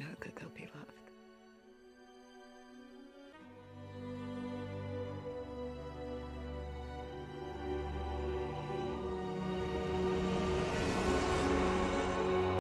know it could kill people.